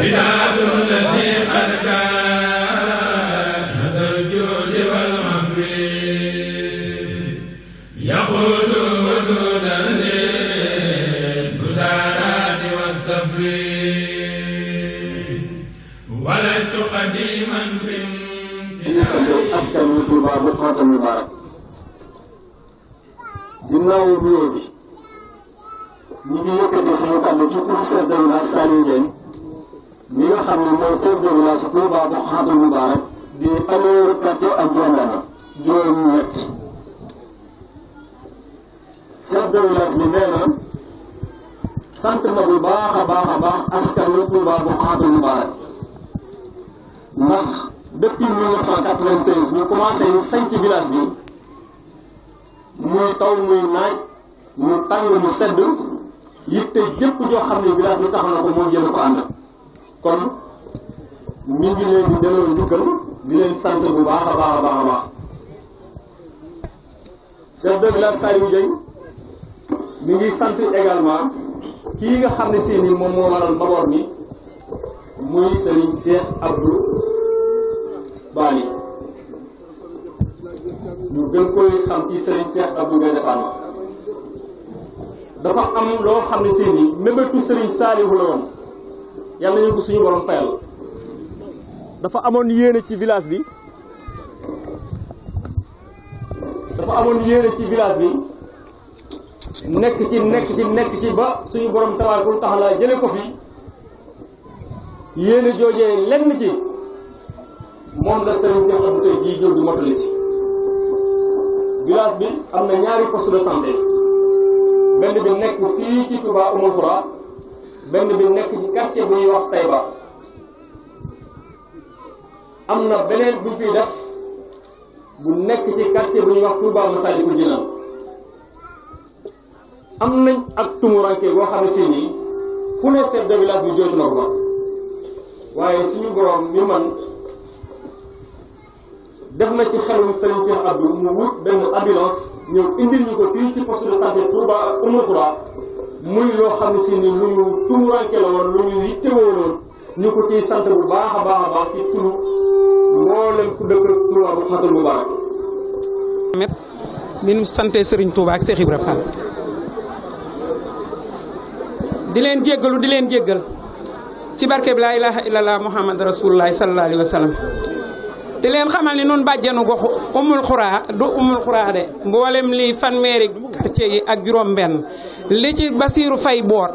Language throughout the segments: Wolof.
بلاد الذي قد كان askan wi Touba bu xootal mubaarak ginnaaw nuyoo bi ñu ngi yëkkati suñu kàddu ci pour chef de village Saliou Dieng mi nga xam ne mooy chef de village Touba bu xootal mubaarak di ameeru quartier ak Diandana juróom ñett chef de village bi nee na sant na bu baax a baax a baax askan wi Touba bu xootal mubaarak ndax depuis 1996 ñu commencé saytu village bi muy taw muy naaj mu tàng mu sedd yitte jëpp joo xam ne village bi tax na ko moo jële ko ànd kon ñu ngi leen di delloo njukkal di leen sant bu baax a baax a baax a baax chef de village Saliou Dieng mi ngi sant également kii nga xam ne seeni moom moo waral mbaboor mi muy Serigne Cheikh Abdou baali ñu gën koy xam ci Serigne Cheikh Abdou Gaye Fane dafa am loo xam ne seen yi mébétu Serigne Saalihu la woon yàlla ñu ko suñu borom fayal dafa amoon yéene ci village bi dafa amoon yéene ci village bi nekk ci nekk ci nekk ci ba suñu borom tabaaraka taala jële ko fi yéene joojee lenn ci moom la sëriñ seen ab tey jii ñëw di mottali si village bi am na ñaari poste de santé benn bi nekk fii ci Touba Oumoul Khoura benn bi nekk ci quartier bu ñuy wax Taïba am na beneen bu fiy def bu nekk ci quartier bu ñuy wax Touba Massalikul Jinaan am nañ ak tumuranke boo xam ne si nii fu ne chef de village bi jooytu na ko waaye suñu borom mi man def na ci xelum Serigne Cheikh Abdou mu wut benn ambulance ñëw indil ñu ko fii ci poste de santé Touba ak Oumou muy loo xam ne si ni lu ñu tumuranke la lu ñu yittewoo loon ñu ko ciy sant bu baax a baax a baax ci turu ku dëkk Touba bu xatal met mi nu sante sëriñ Touba ak Cheikh Ibra Fall leen jéggalu di leen jéggal ci barke bi laa ilaha illallah muhammad rasulullah sallallahu alayhi di leen xamal ni nun bàjjanu goxu umul xuraa du umul xuraa de mboolem li fanweeri quartier yi ak juróom benn li ci Basiiru Fay boor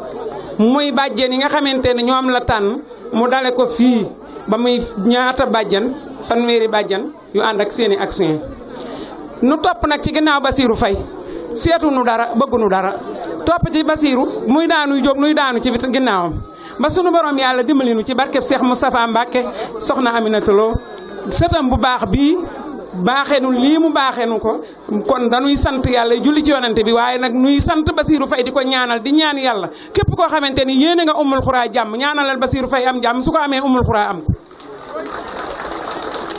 muy bàjjan yi nga xamante ne ñoom la tànn mu dale ko fii ba muy ñaata bàjjan fanweeri bàjjan yu ànd ak seeni action nu topp nag ci ginnaaw Basiiru Fay seetu nu dara bëggu nu dara topp ci Basiiru muy daanu jóg nuy daanu ci ginnaawam ba sunu borom yàlla dimbali nu ci barkeb Seex Moustapha Mbacke soxna Aminata Lo sëtam bu baax bii baaxee nu lii mu baaxee nu ko kon dañuy sant yàlla julli ci yonante bi waaye nag nuy sant Basirou Faye di ko ñaanal di ñaan yàlla képp koo xamante ni yéene nga umul xuraa jàmm ñaanalal Basirou Faye am jàmm su ko amee umul xuraa am ko.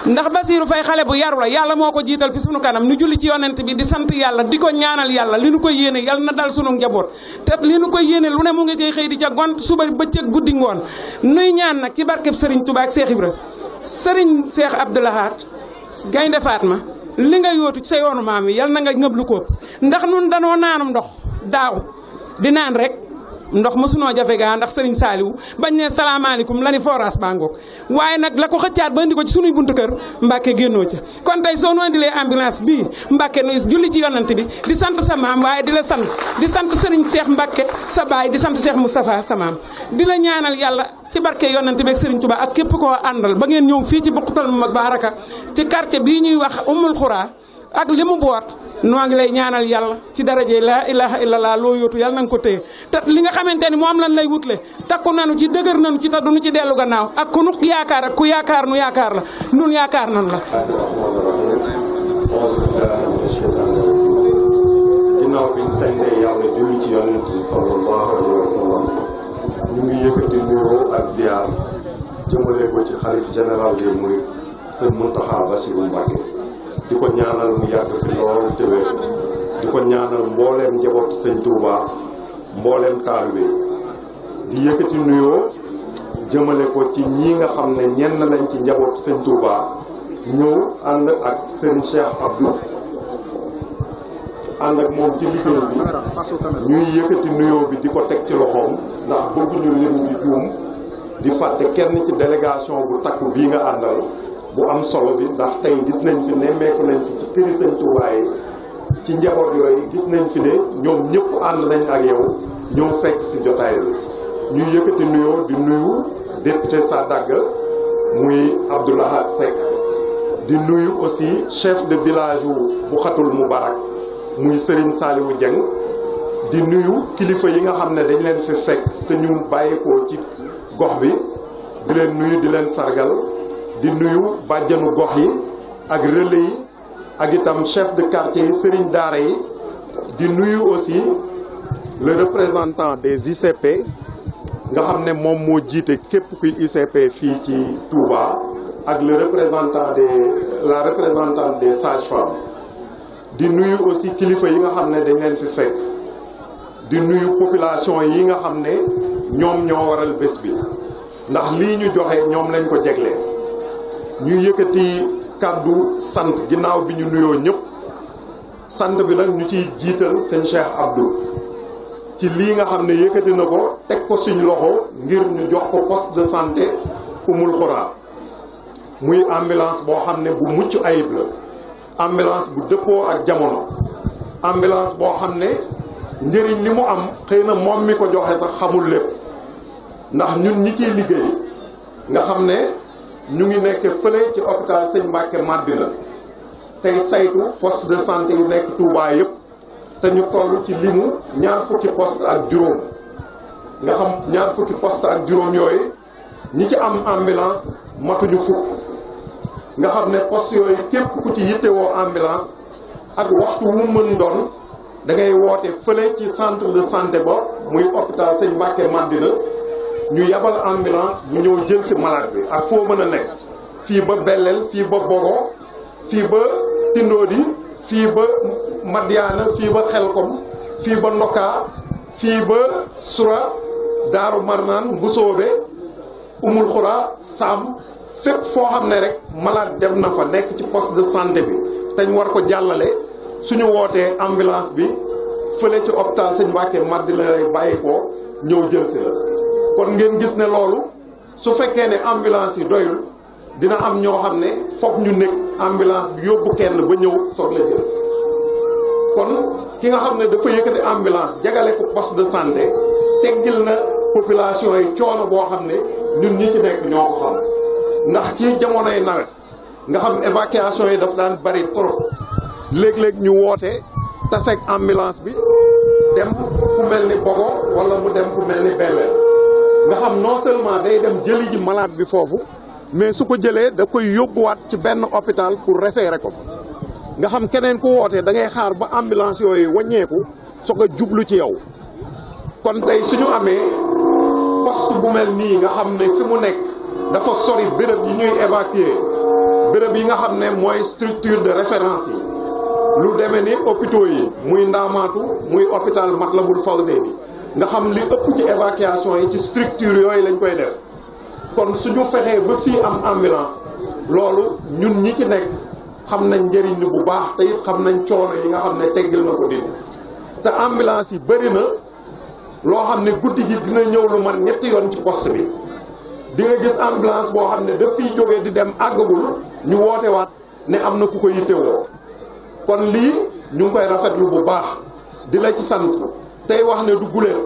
ndax Basirou Faye xale bu yaru la yàlla moo ko jiital fi sunu kanam nu julli ci yonent bi di sant yàlla di ko ñaanal yàlla li nu ko yéene yàlla na dal sunu njaboot te li nu ko yéene lu ne mu ngi koy xëy di ca gont suba bëccëg guddi ngoon nuy ñaan na ci barkeb sëriñ tubaa ak Cheikh sëriñ Seex Abdou Lahad Gaynde Fatma li nga yóotu ci sa yoonu maam yi yal na nga ngëb lu ko ndax nun danoo naanum ndox daaw di naan rek ndox mosunoo jafe gaa ndax sëriñ saaliwu bañ ne salaamaaleykum la ni forage baa ngoog waaye nag la ko xëccaat ba indi ko ci sunuy buntu kër mbàkke génnoo ci kon tey soo nu indilee ambulance bii mbàkke nu julli ci yonante bi di sant sa maam waaye di la sant di sant sëriñ seex mbàkke sa baay di sant seex moustapha sa maam di la ñaanal yàlla ci barke yonante bi ak sëriñ tuba ak képp ko àndal ba ngeen ñëw fii ci bokkutal mu mag baaraka ci quartier bii ñuy wax umul xuraa ak li mu boot noo ngi lay ñaanal yàlla ci daraje laa ilaha illallah loo yóotu yàlla na nga ko téye te li nga xamante ni moom lan lay wutle takku nanu ci dëgër nanu ci te duñu ci dellu gannaaw ak ku nu yaakaar ak ku yaakaar nu yaakaar la nun yaakaar nan la ginnaaw biñ ci yonent bi ko ci xalif di ko ñaanal mu yàgg fi lool te wér di ko ñaanal mbooleem njabootu sëñ Touba mbooleem taalibe di yëkkati nuyoo jëmale ko ci ñi nga xam ne ñenn lañ ci njabootu sëñ Touba ñëw ànd ak seen Cheikh Abdou ànd ak moom ci liggéey bi ñuy yëkkati nuyoo bi di ko teg ci loxoom ndax bëgguñu lim di juum di fàtte kenn ci délégation bu takku bii nga àndal bu am solo bi ndax tey gis nañ fi nemmeeku nañ fi ci këri sëñ Tuubaa ci njaboot yooyu gis nañ fi ne ñoom ñëpp ànd nañ ak yow ñëw fekk si jotaay bi ñu yëkkati nuyoo di nuyu député Sadaga muy Abdou Lahad di nuyu aussi chef de village wu bu xatul Moubarak muy Serigne Saliou Dieng di nuyu kilifa yi nga xam ne dañ leen fi fekk te ñu bàyyeekoo ci gox bi di leen nuyu di leen sargal di nuyu bàjjanu gox yi ak relais yi ak itam chef de quartier yi sëriñ daara yi di nuyu aussi le représentant des ICP nga xam ne moom moo jiite képp kuy ICP fii ci Touba ak le représentant des la des sages-femmes di nuyu aussi kilifa yi nga xam ne dañ leen fi fekk di nuyu population yi nga xam ne ñoom ñoo waral bés bi ndax lii ñu joxe ñoom lañ ko jeglee ñu yëkkati kàddu sant ginnaaw bi ñu nuyoo ñëpp sant bi nag ñu ciy jiital seen Cheikh Abdou ci lii nga xam ne yëkkati na ko teg ko suñ loxo ngir ñu jox ko poste de santé umul xuraa muy ambulance boo xam ne bu mucc ayib la ambulance bu dëppoo ak jamono ambulance boo xam ne njëriñ li mu am xëy na moom mi ko joxe sax xamul lépp ndax ñun ñi ciy liggéey nga xam ne ñu ngi nekk fële ci hôpital sëñ Mbàkke Madina tey saytu post de santé yi nekk Touba yëpp te ñu toll ci limu ñaar fukki post ak juróom nga xam ñaar fukki post ak juróom yooyu ñi ci am ambulance matuñu fukk nga xam ne poste yooyu képp ku ci yittewoo ambulance ak waxtu wu mën doon da ngay woote fële ci centre de santé ba muy hôpital sëñ Mbàkke Madina ñu yebal ambulance bu ñëw jël si malade bi ak foo mën a nekk fii ba Bellel fii ba Bogo fii ba Tindoodi fii ba Madiana fii ba Xelkom fii ba Ndoka fii ba Sura Daaru Marnaan Mbusoobe Umul Sam fépp foo xam ne rek malade dem na fa nekk ci post de santé bi teñ war ko jàllale suñu wootee ambulance bi fële ci hôpital Sëñ Mbàkke Madina lay bàyyi ko ñëw jël la kon ngeen gis ne loolu su fekkee ne ambulance yi doyul dina am ñoo xam ne foog ñu nekk ambulance bi yóbbu kenn ba ñëw soog la kon ki nga xam ne dafa yëkkati ambulance jagale ko poste de santé teggil na population yi coono boo xam ne ñun ñi ci nekk ñoo ko xam ndax ci jamonoy nawet nga xam évacuation yi daf daan bari trop léeg-léeg ñu woote taseeg ambulance bi dem fu mel ni Bogo wala mu dem fu mel ni Bélel nga xam non seulement day dem jëli ji malade bi foofu mais su ko jëlee da koy yóbbuwaat ci benn hôpital pour référer ko fa nga xam keneen ku wootee da ngay xaar ba ambulance yooyu wàññeeku soog a jublu ci yow kon tey ñu amee poste bu mel nii nga xam ne fi mu nekk dafa sori béréb yi ñuy évacuer béréb yi nga xam ne mooy structure de référence yi lu demee ni hôpitaux yi muy ndaamaatu muy hôpital Matlaboul Fawzeyni nga xam li ëpp ci évacuation yi ci structure yooyu lañ koy def kon suñu fexee ba fii am ambulance loolu ñun ñi ci nekk xam nañ njëriñ li bu baax tey xam nañ coono yi nga xam ne teggil na ko dindi te ambulance yi bëri na loo xam ne guddi gi dina ñëw lu man ñetti yoon ci poste bi di nga gis ambulance boo xam ne daf fiy jógee di dem àggagul ñu woote waat ne am na ku ko yittewoo kon lii ñu ngi koy rafetlu bu baax di la ci sant tey wax ne du guléet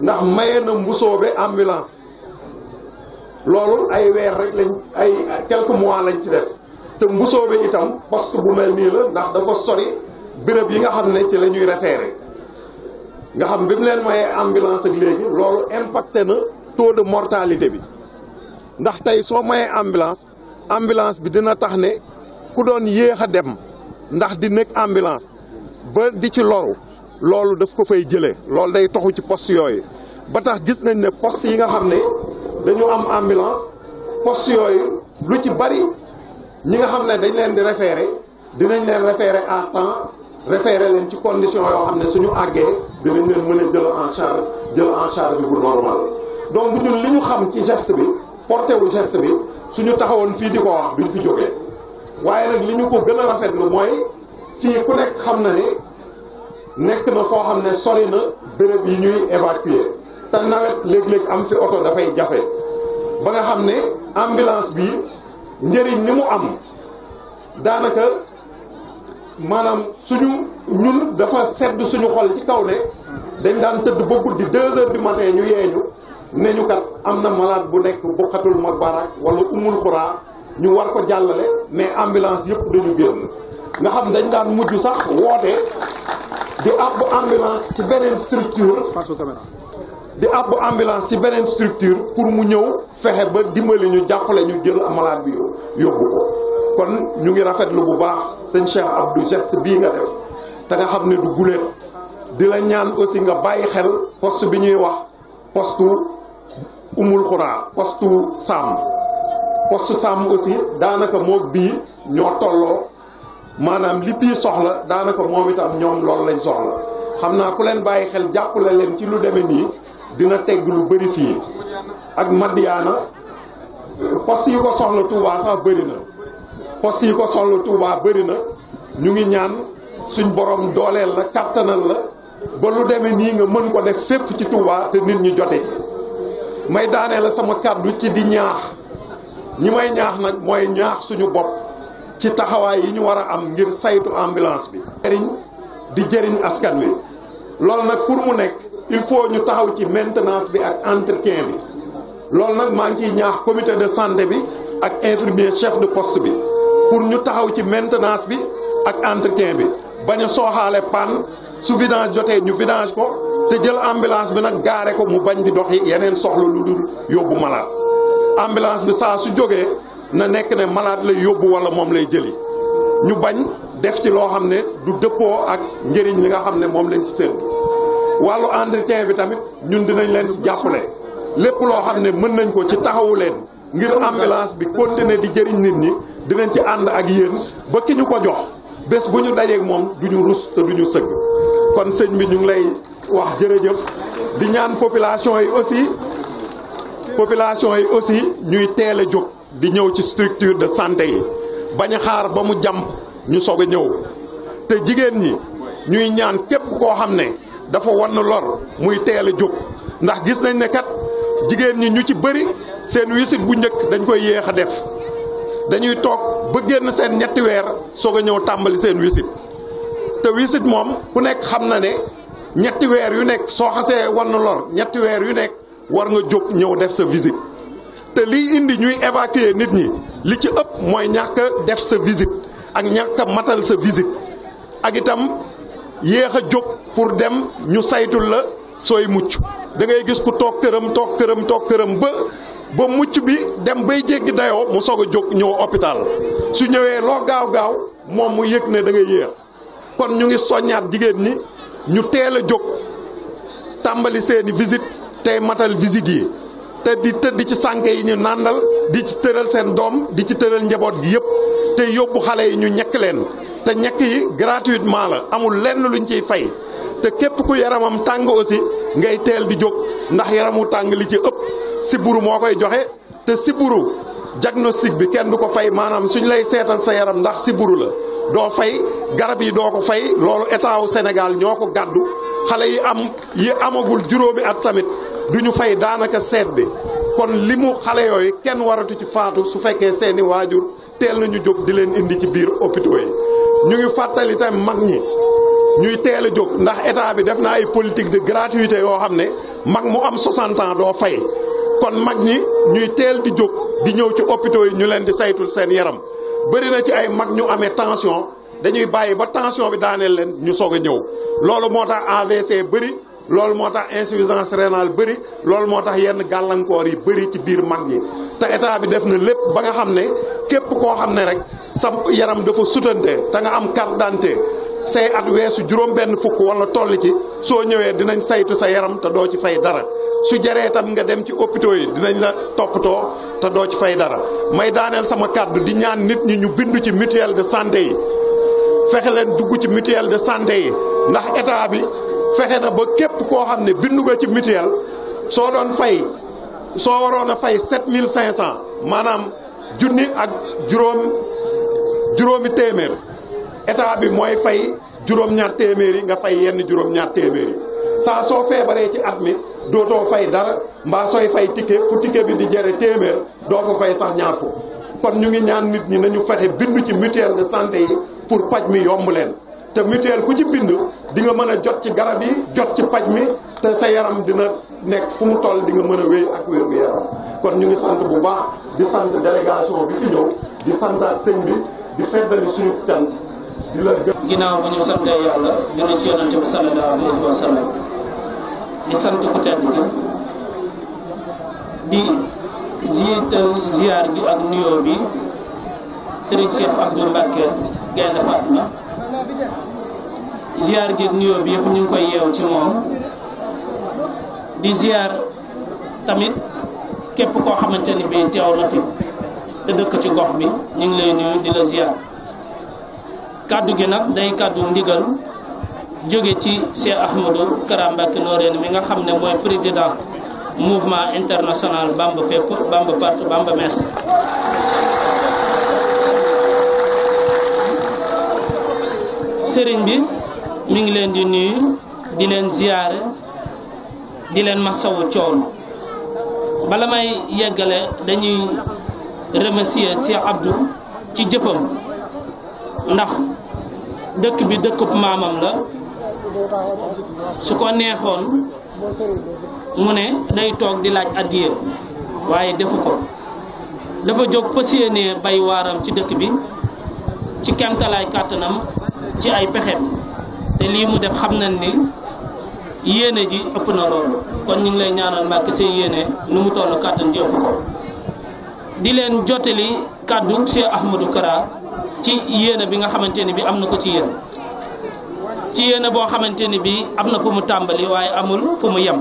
ndax maye na mbusoobe ambulance loolu ay weer rek lañ ay quelques mois lañ ci def te mbusoobe itam poste bu mel nii la ndax dafa sori béréb yi nga xam ne ci la ñuy référé nga xam bi mu leen mayee ambulance ak léegi loolu impacté na taux de mortalité bi ndax tey soo mayee ambulance ambulance bi dina tax ne ku doon yéex a dem ndax di nekk ambulance ba di ci loru loolu daf ko fay jëlee loolu day toxu ci post yooyu ba tax gis nañ ne post yi nga xam ne dañu am ambulance poste yooyu lu ci bari ñi nga xam ne dañ leen di référé dinañ leen référé à temps référé leen ci condition yoo xam ne suñu àggee dinañ leen mën a jël en jël en charge bi bu normal donc ñun li ñu xam ci geste bi porté wu geste bi suñu taxawoon fii di ko wax duñ fi jógee waaye nag li ñu ko gën a rafetlu mooy fii ku nekk xam na ne nekk na foo xam ne sori na béréb yi ñuy évacuer te nawet léegi léeg am fi oto dafay jafe ba nga xam ne ambulance bi njëriñ li mu am daanaka maanaam suñu ñun dafa sedd suñu xol ci kaw ne dañ daan tëdd ba guddi deux heures du matin ñu yeeñu ne ñu kat am na malaat bu nekk bokkatul mag barak wala umul xuraa ñu war ko jàllale mais ambulance yëpp dañu génn nga xam dañ daan mujj sax woote di abbu ambulance ci beneen structure. face caméra di abbu ambulance ci beneen structure pour mu ñëw fexe ba dimbali ñu jàppale ñu jël malade bi yóbbu ko kon ñu ngi rafet lu bu baax sëñ Cheikh Abdou geste bii nga def te nga xam ne du guléet di la ñaan aussi nga bàyyi xel poste bi ñuy wax poste umul xuraa postu sàmm poste sàmm aussi daanaka moog bii ñoo tolloo. maanaam li soxla daanaka moom itam ñoom loolu lañ soxla xam naa ku leen bàyyi xel jàpp jàppale leen ci lu demee nii dina tegg lu bëri fii ak Madiana poste yi ko soxla tuubaa sax bari na poste yi ko soxla Touba bëri na ñu ngi ñaan suñ borom dooleel la kattanal la ba lu demee nii nga mën ko def fépp ci Touba te nit ñi jote ci may daanee la sama kàddu ci di ñaax ñi may ñaax nag mooy ñaax suñu bopp ci taxawaay yi ñu war a am ngir saytu ambulance bi. jëriñ di jëriñ askan wi loolu nag pour mu nekk il faut ñu taxaw ci maintenance bi ak entretin bi loolu nag maa ngi ciy ñaax comité de santé bi ak infirmier chef de post bi pour ñu taxaw ci maintenance bi ak entretien bi bañ a sooxaale panne su vidange jotee ñu vidange ko te jël ambulance bi nag gaare ko mu bañ di doxi yeneen soxla lu dul yóbbu malade ambulance bi saa su jógee. na nekk ne malaat lay yóbbu wala moom lay jëli ñu bañ def ci loo xam ne du dëppoo ak njëriñ li nga xam ne moom lañ ci séntu wàllu entretien bi tamit ñun dinañ leen ci jàppale lépp loo xam ne mën nañ ko ci taxawu leen ngir ambulance bi continuer di jëriñ nit ñi dinañ ci ànd ak yéen ba ñu ko jox bés bu ñu dajeeg moom duñu ñu rus te duñu ñu sëgg kon sëñ bi ñu ngi lay wax jërëjëf di ñaan population yi aussi population yi aussi ñuy teel a jóg. di ñëw ci structure de santé yi bañ a xaar ba mu jàmp ñu soog a ñëw te jigéen ñi ñuy ñaan képp koo xam ne dafa wann lor muy teel a jóg ndax gis nañ ne kat jigéen ñi ñu ci bëri seen wisit bu njëkk dañ koy yéex a def dañuy toog ba génn seen ñetti weer soog a ñëw tàmbali seen wisit te wisit moom ku nekk xam na ne ñetti weer yu nekk soo xasee wann lor ñetti weer yu nekk war nga jóg ñëw def sa visite te liy indi ñuy évacuer nit ñi li ci ëpp mooy ñàkk a def sa visite ak ñàkk a matal sa visite ak itam yéex a jóg pour dem ñu saytu la sooy mucc dangay gis ku toog këram toog këram toog këram ba ba mucc bi dem bay jéggi dayoo mu soog a jóg ñëw hôpital su ñëwee loo gaaw gaaw moom mu yëg ne da ngay yéex kon ñu ngi soññaat jigéen ñi ñu teel a jóg tàmbali seeni visite tey matal visite yi. te di tëdd ci sànke yi ñu nàndal di ci tëral seen doom di ci tëral njaboot gi yëpp te yóbbu xale yi ñu ñekk leen te ñekk yi gratuitement la amul lenn lu luñ ciy fay te képp ku yaramam tàng aussi ngay teel di jóg ndax yaram wu tàng li ci ëpp siburu moo koy joxe te siburu diagnostic bi kenn du ko fay maanaam suñ lay seetal sa yaram ndax siburu la doo fay garab yi doo ko fay loolu état wu Sénégal ñoo ko gàddu xale yi am yi amagul juróomi at tamit du ñu fay daanaka seet bi kon li mu xale yooyu kenn waratu ci faatu su fekkee seeni waajur teel nañu jóg di leen indi ci biir hôpitaux yi ñu ngi fàttali tam mag ñi ñuy teel a jóg ndax état bi def na ay politique de gratuité yoo xam ne mag mu am 60 doo fay kon mag ñi ñuy teel di jóg di ñëw ci hôpitaux yi ñu leen di saytul seen yaram bëri na ci ay mag ñu amee tension dañuy bàyyi ba tension bi daaneel leen ñu soog a ñëw loolu moo tax AVC bëri loolu moo tax insuffisance rénale bëri loolu moo tax yenn gàllankoor yi bëri ci biir mag yi te état bi def na lépp ba nga xam ne képp koo xam ne rek sa yaram dafa sutante te nga am carte d'identité say at weesu juróom-benn fukk wala toll ci soo ñëwee dinañ saytu sa yaram te doo ci fay dara su jaree tam nga dem ci hôpitaux yi dinañ la toppatoo te doo ci fay dara may daaneel sama kàddu di ñaan nit ñi ñu bindu ci mutuelle de santé yi fexe leen dugg ci mutuelle de santé yi ndax état bi fexe na ba képp koo xam ne bindu nga ci mutuelle soo doon fay soo waroon a fay sept mille cinq cent maanaam junni ak juróom juróomi téeméer. état bi mooy fay juróom-ñaar téeméer yi nga fay yenn juróom-ñaar téeméer yi saa soo feebaree ci at mi dootoo fay dara mbaa sooy fay ticket fu ticket bi di jëre téeméer doo fa fay sax ñaar fu kon ñu ngi ñaan nit ñi nañu fexe bindu ci mutuel de sante yi pour paj mi yomb leen te mutuelle ku ci bind di nga mën a jot ci garab yi jot ci paj mi te sa yaram dina nekk fu mu toll di nga mën a wéy ak wér gu yaram kon ñu ngi sant bu baax di sant délégation bi fi ñëw di santaat bi di feddali suñu cant ginnaaw bu ñu santee yàlla julli ci yonente bi sallallahu alayhi wa sallam di sant ku tedd gi di jiital ziar gi ak nuyoo bi Serigne Cheikh Abdou Mbacke Gaynde Fatma ziar gi ak nuyoo bi yëpp ñu ngi koy yeew ci moom di ziar tamit képp koo xamante ni teew na fi te dëkk ci gox bi ñu ngi lay nuyu di la kàddu gi nag day kàddu ndigal jóge ci Cheikh Ahmadou Kara Mbacké Noreyni nga xam ne mooy président mouvement international Bamba fépp Bamba partout sëriñ bi mu ngi leen di nuyu di leen ziyaare di leen masawu coono bala may yeggale dañuy remercier Cheikh Abdou ci jëfam ndax dëkk bi dëkkub maamam la su ko neexoon mu ne day toog di laaj addiya waaye defu ko dafa jóg fas yéenee bay waaram ci dëkk bi ci kemtalaay kàttanam ci ay pexem te lii mu def xam na ni yéene ji ëpp na loolu kon ñu lay ñaanal Mbàkke seen yéene nu mu toll kàttan ji ëpp ko di leen jottali kàddu Cheikh Ahmadou Kara ci yéene bi nga xamante ni bi am na ko ci yéen ci yéene boo xamante ne bi am na fu mu tàmbali waaye amul fu mu yem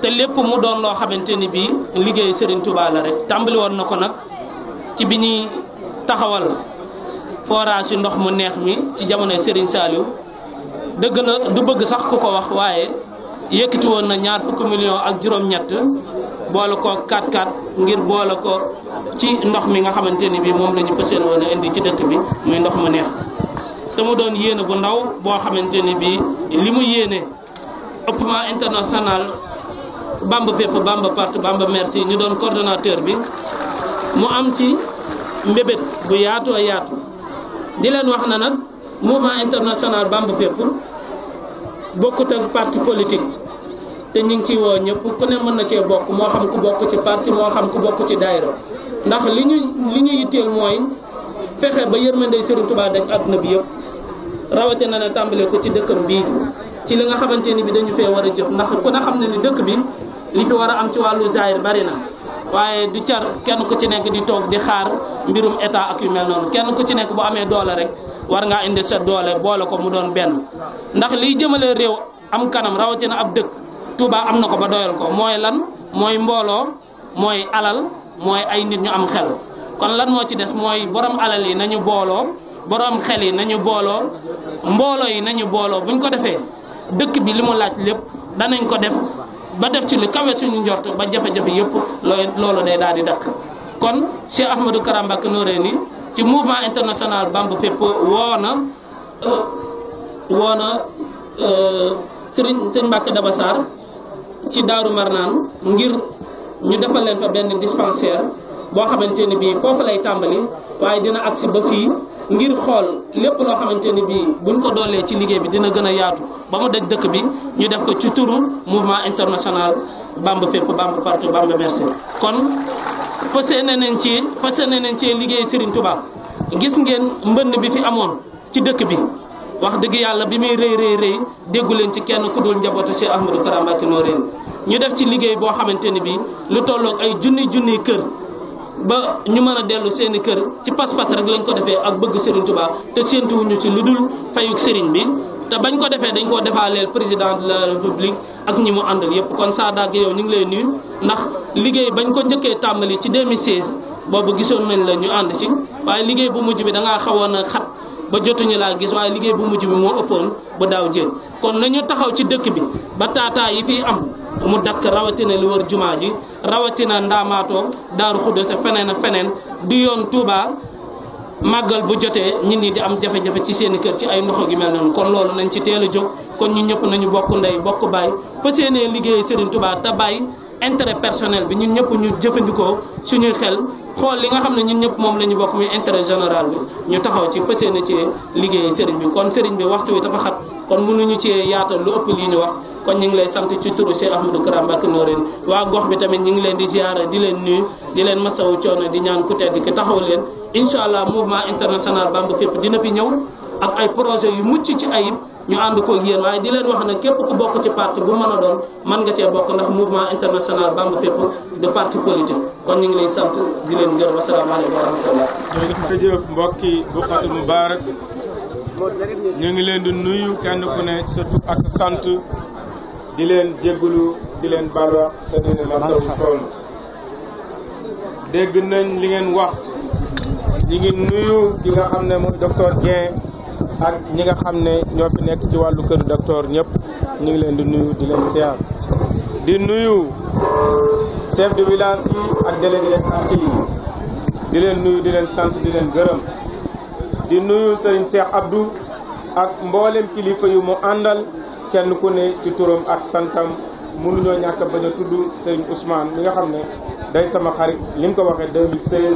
te lépp mu doon loo xamante ni bi liggéey sëriñ Touba rek tàmbali woon na ko nag ci bi ñuy taxawal forage yi ndox mu neex mi ci jamono Serigne Saliou dëgg na du bëgg sax ku ko wax waaye yëkkati woon na ñaar fukki million ak juróom-ñett boole ko 4-4 ngir boole ko ci ndox mi nga xamante ni bi moom la ñu fas yéene indi ci dëkk bi muy ndox mu neex te mu doon yéene bu ndaw boo xamante ni bi li mu yéene optement international Bamba fépp Bamba part Bamba merci ñu doon coordonnateur bi mu am ci mbébét bu yaatu a yaatu di leen wax na nag mouvement international Bamba fépp bokkut ak parti politique te ñu ngi ciy woo ñëpp ku ne mën na cee bokk moo xam ku bokk ci parti moo xam ku bokk ci daayira ndax li ñu li ñu yitteel mooy fexe ba yërmandey Serigne Touba daj àdduna bi yëpp rawate na ne tàmbalee ko ci dëkkam bii ci li nga xamante ni bi dañu fee war a jëf ndax ku ne xam ne ni dëkk bi li fi war a am ci wàllu zaahir bari na waaye du car kenn ku ci nekk di toog di xaar mbirum état ak yu mel noonu kenn ku ci nekk bu amee doole rek war ngaa indi sa doole boole ko mu doon benn ndax liy jëmale réew am kanam rawatina ab dëkk Touba am na ko ba doyal ko mooy lan mooy mbooloo mooy alal mooy ay nit ñu am xel kon lan moo ci des mooy borom alal yi nañu booloo boroom xel yi nañu booloo mbooloo yi nañu booloo buñ ko defee dëkk bi li mu laaj lépp danañ ko def ba def ci lu kawe suñu njort ba jafe-jafe yëpp loolu day daal di dakk kon Cheikh Ahmadou Kara Mbacké Noreyni ci mouvement international Bamba fépp woo na woo na euh, Sëriñ Sëriñ Mbacké Daba Sarr ci Daaru Marnaan ngir ñu defal leen fa benn dispensaire boo xamante ni bii foofu lay tàmbali waaye dina agsi ba fii ngir xool lépp loo xamante ni bii buñ ko doolee ci liggéey bi dina gën a yaatu ba mu daj dëkk bi ñu def ko ci turu mouvement international Bamba fépp Bamba partout Bamba merci. kon fas yéene nañ ci fas yéene nañ ci liggéey Serigne Touba gis ngeen mbënn bi fi amoon ci dëkk bi. wax dëgg yàlla bi muy rëy rëy rëy déggu leen ci kenn ku dul njabootu Cheikh Ahmadou Kara Mbacké Noreyni ñu def ci liggéey boo xamante ni bi lu tolloog ay junni junni kër ba ñu mën a dellu seen i kër ci pas-pas rek lañ ko defee ak bëgg Serigne Touba te séentuwuñu ci lu dul fayuk Serigne bi te bañ ko defee dañ koo defaaleel président de la république ak ñi mu àndal yëpp kon Sadak yow ñu ngi lay nuyu ndax liggéey bañ ko njëkkee tàmbali ci 2016 boobu gisoon nañ la ñu ànd ci waaye liggéey bu mujj bi da ngaa xawoon a xat. ba jotuñu laa gis waaye liggéey bu mujj bi moo ëppoon bu daaw jéeg kon nañu taxaw ci dëkk bi ba taataa yi fi am mu dakk rawatina li wër jumaa ji rawatina ndaamaatoo daaru xuddo sa feneen a feneen du yoon Touba màggal bu jotee nit ñi di am jafe-jafe ci seen kër ci ay ndoxo gi mel noonu kon loolu nañ ci teel a jóg kon ñu ñëpp nañu bokk ndey bokk baay fas yéenee liggéey Serigne Touba te bàyyi intérêt personnel bi ñun ñëpp ñu jëfandikoo suñuy xel xool li nga xam ne ñun ñëpp moom la ñu bokk muy intérêt général bi ñu taxaw ci fas yéene ci liggéey sëriñ bi kon sëriñ bi waxtu wi dafa xat kon mënuñu ci yaatal lu ëpp lii ñu wax kon ñu ngi lay sant ci turu Cheikh Ahmadou Kara bi tamit ñu ngi leen di ziara di leen nuyu di leen masawu coono di ñaan ku tedd ki taxaw leen incha allah mouvement international Bamba Fépp dina fi ñëw ak ay projet yu mucc ci ayib ñu ànd ko yéen waaye di leen wax ne képp ku bokk ci parti bu mën a doon mën nga cee bokk ndax mouvement international national Bamba fépp de parti politique kon ñu ngi lay sant di leen gërëm wasalaamaaleykum wa rahmatullah jërëjëf mbokki Boukhatoul Moubarak ñu ngi leen di nuyu kenn ku ne surtout ak sant di leen jégalu di leen balwa te di leen masawu tool dégg nañ li ngeen wax ñu ngi nuyu ki nga xam ne mooy docteur Dieng ak ñi nga xam ne ñoo fi nekk ci wàllu këru docteur ñëpp ñu ngi leen di nuyu di leen siyaar di nuyu chef de village yi ak délégué de quartier yi di leen nuyu di leen sant di leen gërëm di nuyu sëriñ Cheikh Abdou ak mboolem kilifa yu mu àndal kenn ku ne ci turam ak santam mënuñoo ñàkk bañ a tudd sëriñ Ousmane mi nga xam ne day sama xarit li ko waxee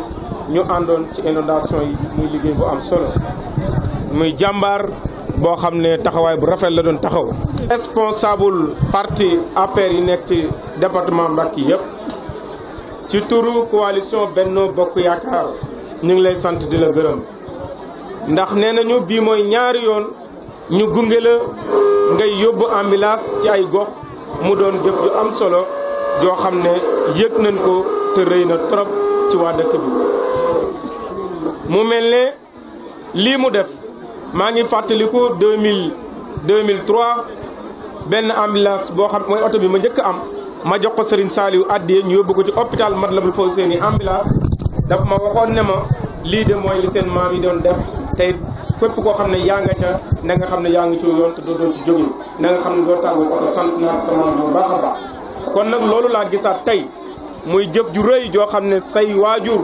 ñu àndoon ci inondation yi muy liggéey bu am solo muy jàmbaar boo xam ne taxawaay bu rafet la doon taxaw. responsable parti APR yi nekk ci département Mbacké yëpp ci turu coalition Benno Bokk Yaakaar ñu ngi lay sant di la gërëm ndax nee nañu bii mooy ñaari yoon ñu gunge la ngay yóbbu ambulance ci ay gox mu doon jëf ju am solo joo xam ne yëg nañ ko te rëy na trop ci waa dëkk bi mu mel ne lii mu def. maa ngi fàttaliku 2000 2003 benn ambulance boo xam mooy oto bi ma njëkk am ma jox ko Serigne Saliou addiye ñu yóbbu ko ci la bu Matlaboul Fawzeyni ambulance daf ma waxoon ne ma lii de mooy li seen maam yi doon def tey képp koo xam ne yaa nga ca na xam ne yaa ngi ci yoon te dootoo ci jógee na nga xam ne doo tàggoo oto sant naa sa maam bu baax baax kon nag loolu laa gisaat tey muy jëf ju rëy joo xam ne say waajur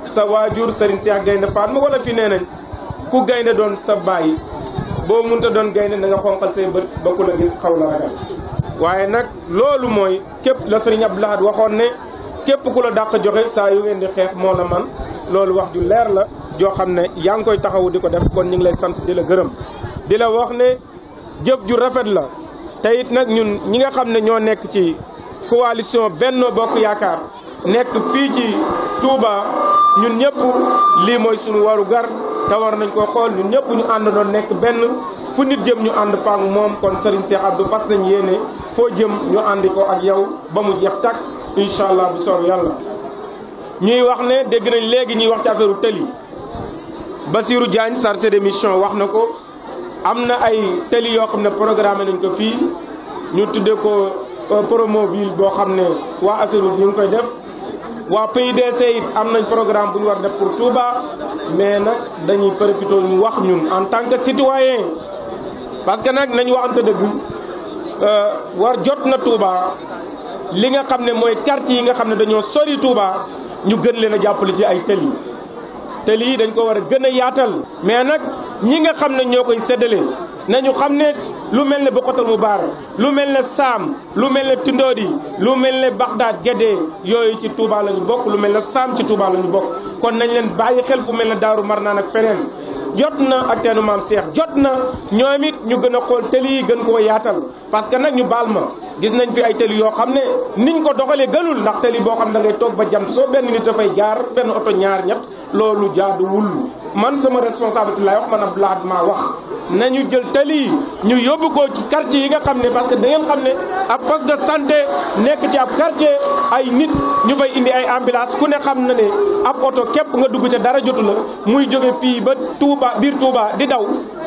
sa waajur Serigne Cheikh Gaynde Fatma wala fi nee nañ ku gaynde doon sa bàyyi boo mun te doon gaynde na nga xonqal say bët ba ku la gis xaw la ragal waaye nag loolu mooy képp la sëriñ Abdou Lahad waxoon ne képp ku la dàq joxe saa yu ngeen xeex moo la man loolu wax ju leer la joo xam ne yaa ngi koy taxawu di ko def kon ñu ngi lay sant di la gërëm di la wax ne jëf ju rafet la te it nag ñun ñi nga xam ne ñoo nekk ci coalition benn Bokk Yaakaar nekk fii ci Touba ñun ñëpp lii mooy sunu waru te war nañ ko xool ñu ñëpp ñu ànd doon nekk benn fu nit jëm ñu ànd faak moom kon Serigne Cheikh Abdou fas nañ yéene foo jëm ñu àndi ko ak yow ba mu jeex tàkk incha allah bu soob yàlla. ñuy wax ne dégg nañ léegi ñuy wax ci affaire u tëli Basirou Diagne chargé de mission wax na ko am na ay tëli yoo xam ne programme nañ ko fii ñu tudde ko euh, promobile boo xam ne waa Assirou ñu ngi koy def. waa PIDC it am nañ programme bu ñu war def pour Touba mais nag dañuy profité ñu wax ñun en tant que citoyen parce que nag nañ waxante dëgg euh, war jot na Touba li nga xam ne mooy quartier yi nga xam ne dañoo sori Touba ñu gën leen a jàppale ci ay tëli tëli yi dañ ko war a gën a yaatal mais nag ñi nga xam ne ñoo koy séddale nañu xam ne lu mel ne mu Moubar lu mel na Saam lu mel ne Tindodi lu mel ne Bagdad Gédé yooyu ci Touba la ñu bokk lu mel ne Saam ci Touba la ñu bokk kon nañ leen bàyyi xel fu mel ne Daaru Marnaan ak feneen jot na ak teenu maam Cheikh jot na ñoom it ñu gën a xool tëli yi gën koo yaatal parce que nag ñu baal ma gis nañ fi ay tëli yoo xam ne ñu ko doxalee gënul ndax tëli boo xam ne da ngay toog ba jant soo benn nit dafay jaar benn oto ñaar ñett loolu jaaduwul man sama responsabilité laay wax man ab laaj maa wax nañu jël tëli ñu yóbbu ko ci quartier yi nga xam ne parce que da ngeen xam ne ab poste de santé nekk ci ab quartier ay nit ñu fay indi ay ambulance ku ne xam na ne ab oto nga dugg ca dara jotu la Touba biir Touba di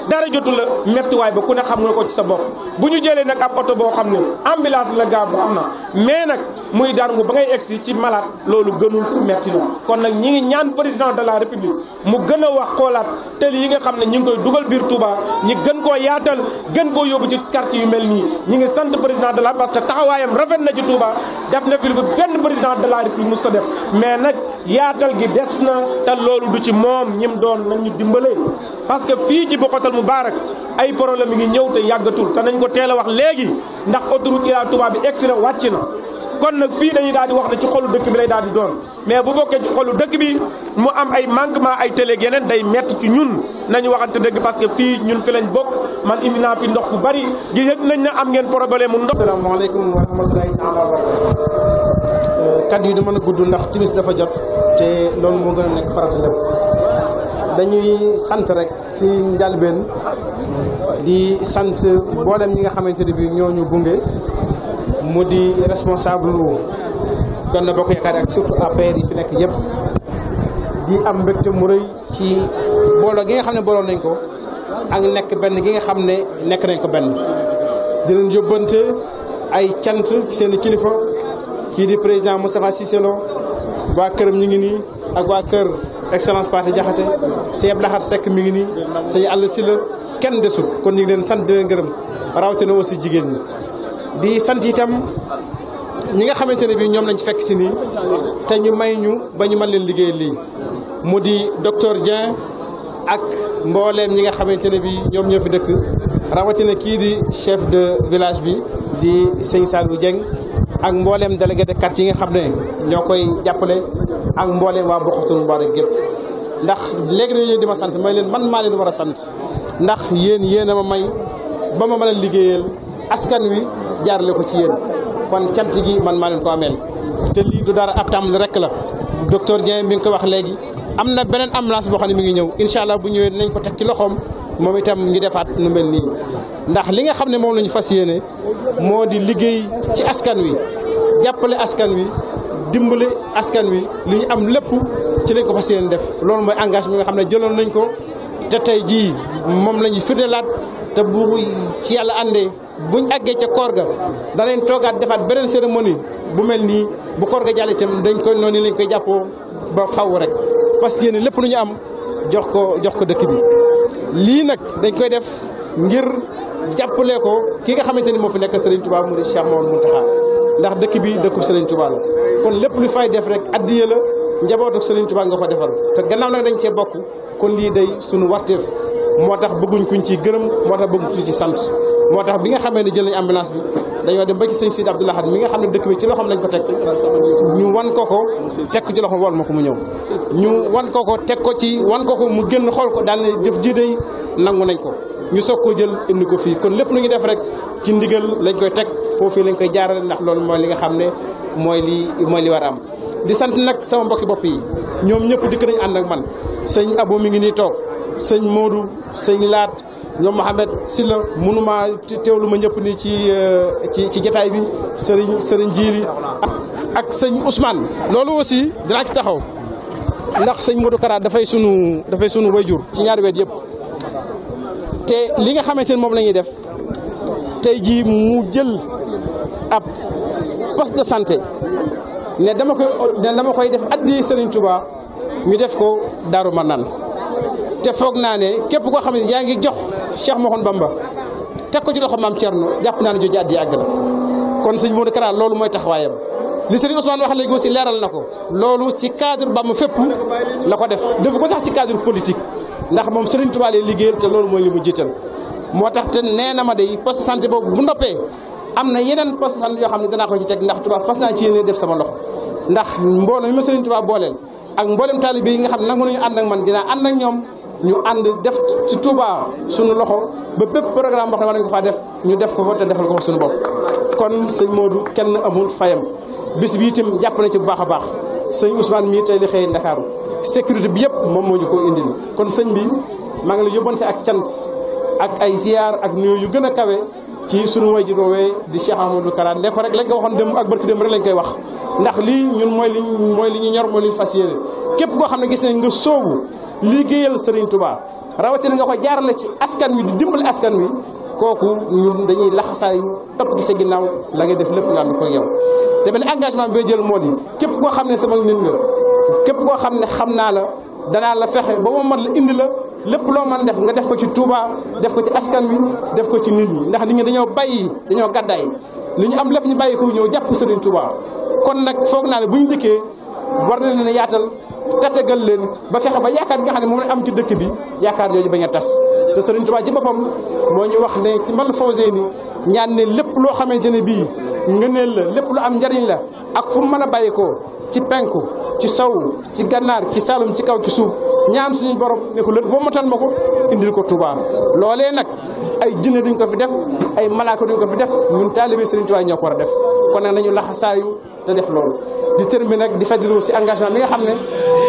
dara jotu la méttiwaay ba ku ne xam nga ko ci sa bopp bu ñu jëlee nag ab oto boo xam ne ambulance la gaa bu am na mais nag muy daan ngu ba ngay egsi ci malaat loolu gënul ku metti la kon nag ñi ngi ñaan président de la république mu gën a wax xoolaat tëli yi nga xam ne ñi ngi koy dugal biir Touba ñi gën koo yaatal gën koo yóbbu ci quartier yu mel nii ñi ngi sant président de la parce que taxawaayam rafet na ci Touba def na fi lu benn président de la république mus ko def mais nag yaatal gi des na te loolu du ci moom ñim doon nañu dimbale al mubaarak ay problème mi ngi ñëw te yàggatu te nañ ko teel a wax léegi ndax autoroute Ila Touba bi egsi na wàcc na kon nag fii dañuy daal di wax ne ci xolu dëkk bi lay daal di doon mais bu bokkee ci xolu dëkk bi mu am ay manquement ay télé yeneen day métti ci ñun nañu waxante dëgg parce que fii ñun fi lañ bokk man indi naa fi ndox bu bari gi yëg nañ ne am ngeen problème mu ndox. asalaamaaleykum wa rahmatulahi taala wa barakatu. kaddu yi du mën a gudd ndax timis dafa jot te loolu moo gën a nekk farata dañuy sant rek ci njalbeen di sant mboolem ñi nga xamante ne bi ñoo ñu gunge mu di responsable doon na bokk yaakaar ak surtout APR yi fi nekk yëpp di am mbégte mu rëy ci booloo gi nga xam ne booloo nañ ko ak nekk benn gi nga xam ne nekk nañ ko benn di leen yóbbante ay cant seen kilifa kii di président Moustapha Cissé Lo waa këram ñu ngi nii ak waa kër excellence Pathé Diakhaté sëñ Abdou Lahad Seck mi ngi nii sëñ Alla Sylla kenn desul kon ñu ngi leen sant di leen gërëm rawatina aussi jigéen ñi di sant itam ñi nga xamante ne bii ñoom lañ fekk si nii te ñu ba ñu mën leen liggéey lii mu di docteur Dieng ak mbooleem ñi nga xamante ne bii ñoom ñoo fi dëkk rawatina kii di chef de village bi di sëñ Saliou Dieng ak mbooleem délégué de quartier yi nga xam ne ñoo koy jàppale ak mbooleem waa Boxatul Mubarak gépp ndax léegi dañu di ma sant may leen man maa leen war a sant ndax yéen yéen a ma may ba ma mën a liggéeyal askan wi jaarale ko ci yéen kon cant gi man maa leen ko ameel te lii du dara ab tàmbali rek la docteur Dieng mi ngi ko wax léegi am na beneen ambulance boo xam ne mi ngi ñëw incha allah bu ñëwee nañ ko teg ci loxoom moom itam ñu defaat nu mel nii ndax li nga xam ne moom la ñu fas yéene moo di liggéey ci askan wi jàppale askan wi. dimbale askan wi li ñu am lépp ci lañ ko fas yéene def loolu mooy engagement nga xam ne jëloon nañ ko te tey jii moom lañuy ñuy firndeelaat te bu ci yàlla àndee buñ àggee ca koor ga daleen toogaat defaat beneen cérémonie bu mel nii bu koor ga jàll dañ koy noonu lañ koy jàppoo ba faw rek fas yéene lépp lu ñu am jox ko jox ko dëkk bi. lii nag dañ koy def ngir jàppale ko kii nga xamante ni moo fi nekk mu Touba Mouride Cheikh Mawone Mountakha ndax dëkk bi dëkkub Serigne Touba la kon lépp lu fay def rek addiya la njabootu Serigne Touba nga ko defal te gannaaw nag dañ cee bokk kon lii day suñu warteef moo tax bëgguñ kuñ ciy gërëm moo tax bëgguñ kuñ ci sant moo tax bi nga xamee ne jël nañ ambulance bi dañoo dem ba ci sëñ Sidi Abdou Lahad mi nga xam ne dëkk bi ci loxoom lañ ko teg ñu wan ko ko teg ko ci loxoom wol ma ko mu ñëw ñu wan ko ko teg ko ci wan ko ko mu génn xool ko daal ne jëf ji day nangu nañ ko ñu soog koo jël indi ko fii kon lépp lu ñu def rek ci ndigal lañ koy teg foofii lañ koy jaarale ndax loolu mooy li nga xam ne mooy li mooy li war a am di sant nag sama mbokki bopp yi ñoom ñëpp dikk nañ ànd ak man sëñ Abo mi ngi nii toog sëñ Modou sëñ Laat ñoom Mohamed Sylla mënuma teewlu ma ñëpp nii ci euh, ci ci jataay bi sëriñ sëriñ Jiili ak sëñ Ousmane loolu aussi dinaa ci taxaw ndax sëñ Modou Kara dafay sunu dafay sunu wayjur ci ñaari wet yëpp te li nga xamante ne moom la ñuy def tey jii mu jël ab poste de santé ne dama koy ne dama koy def addi Serigne Touba ñu def ko Daaru Marnaan te foog naa ne képp koo xam ne yaa ngi jox Cheikh Mouhamadou Bamba teg ko ci loxo maam Thierno jàpp naa ne jooju addi àgg na kon sëñ Modou Kara loolu mooy taxawaayam li Serigne Ousmane wax léegi aussi leeral na ko loolu ci cadre Bamba fépp la ko def def ko sax ci cadre politique. ndax moom Serigne Touba lay liggéeyal te loolu mooy li mu jiital moo tax te nee ma day post santé boobu bu noppee am na yeneen post santé yoo xam ne danaa ko ci teg ndax Touba fas naa ci yéene def sama loxo ndax mbooloo mi ma Serigne ak mboolem taalibe yi nga xam ne nangu nañu ànd ak man dinaa ànd ak ñoom ñu ànd def ci Touba suñu loxo ba bépp programme wax ne war nañ ko faa def ñu def ko fa te defal ko fa suñu bopp kon sëñ Modou kenn amul fayam bis bi itam jàpp na ci bu baax a baax sëñ Ousmane mii tey li xëy Ndakaaru sécurité bi yëpp moom moo ñu ko indil kon sëñ bi maa ngi la yóbbante ak cant ak ay ziar ak nuyoo yu gën a kawe ci sunu way ji roowee di Cheikh Amadou Kara ne ko rek lañ ko waxoon dem ak barki dem rek lañ koy wax ndax lii ñun mooy li mooy li ñu ñor mooy fas yéene képp koo xam ne gis nañ nga soobu liggéeyal Serigne Touba rawatina nga ko jaarale ci askan wi di dimbali askan wi kooku ñun dañuy laxasaayu topp ci sa ginnaaw la ngay def lépp nga ànd ko yow. te benn engagement bi jël moo di képp koo xam ne sama nit nga. képp koo xam ne xam naa la danaa la fexe ba ma mat la indi la lépp loo mën def nga def ko ci Touba def ko ci askan wi def ko ci nit ñi ndax nit ñi dañoo bàyyi dañoo gàddaay li ñu am lépp ñu bàyyi ko ñëw jàpp Serigne Touba kon nag foog naa ne bu ñu dikkee war na leen a yaatal tatagal leen ba fexe ba yaakaar nga xam ne moom la am ci dëkk bi yaakaar jooju bañ a tas te Serigne Touba ci boppam moo ñu wax ne ci man fawsee ni ñaan ne lépp loo xamante ne bii ngëneel la lépp lu am njariñ la ak fu mu mën a bàyyi ko ci penku ci saw ci gannaar ci salum ci kaw ci suuf ñaan suñu borom ne ko lët boo matal ma ko indil ko Touba loole nag ay jinne duñ ko fi def ay malaaka duñ ko fi def ñun taalibe Serigne Touba ñoo a def kon nañu laxa saayu te def loolu di terminer nag di fadilu si engagement mi nga xam ne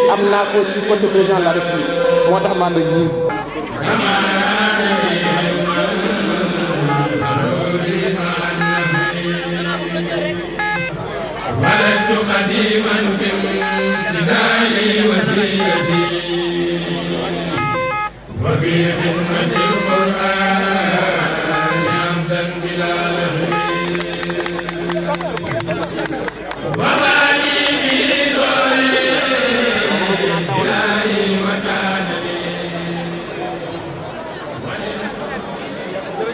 am naa ko ci côté président de la République moo tax ma ndag ñii قديما في Thank you.